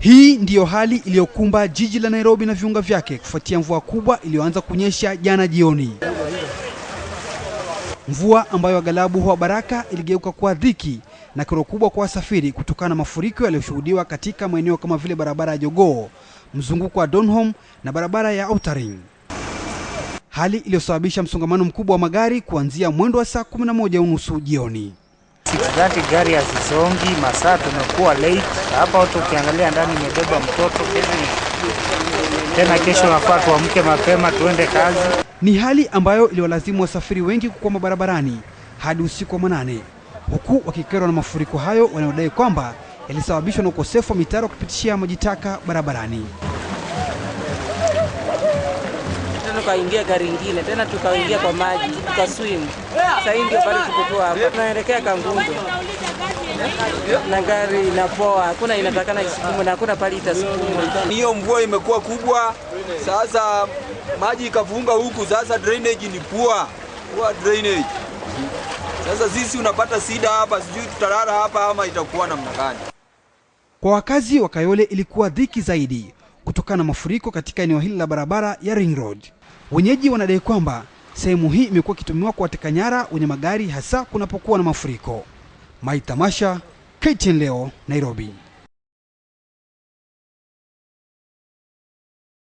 Hii ndiyo hali iliyokumba jiji la Nairobi na viunga vyake kufuatia mvua kubwa iliyoanza kunyesha jana jioni, mvua ambayo aghalabu huwa baraka iligeuka kuwa dhiki na kero kubwa kwa wasafiri kutokana na mafuriko yaliyoshuhudiwa katika maeneo kama vile barabara ya Jogoo, mzunguko wa Donholm na barabara ya Outer Ring, hali iliyosababisha msongamano mkubwa wa magari kuanzia mwendo wa saa 11 unusu jioni sitizati gari hazisongi, masaa tumekuwa late. Hapa watu ukiangalia ndani imebeba mtoto tena, kesho nafaa tuamke mapema tuende kazi. Ni hali ambayo iliwalazimu wasafiri wengi kukwama barabarani hadi usiku wa manane, huku wakikerwa na mafuriko hayo wanayodai kwamba yalisababishwa na ukosefu wa mitaro kupitishia maji taka barabarani. tukaingia gari ingine tena tukaingia kwa maji tukaswim. Sasa ndio bado tuko hapa, tunaelekea Kangundo na gari inapoa, hakuna inatakana isukumwe na hakuna pali itasukumwe. Hiyo mvua imekuwa kubwa, sasa maji ikavunga huku, sasa drainage ni poa, poa drainage. Sasa sisi unapata sida hapa, sijui tutalala hapa ama itakuwa namna gani. Kwa wakazi wa Kayole ilikuwa dhiki zaidi kutokana na mafuriko katika eneo hili la barabara ya Ring Road. Wenyeji wanadai kwamba sehemu hii imekuwa ikitumiwa kwa wateka nyara wenye magari hasa kunapokuwa na mafuriko. Maitamasha, KTN leo, Nairobi.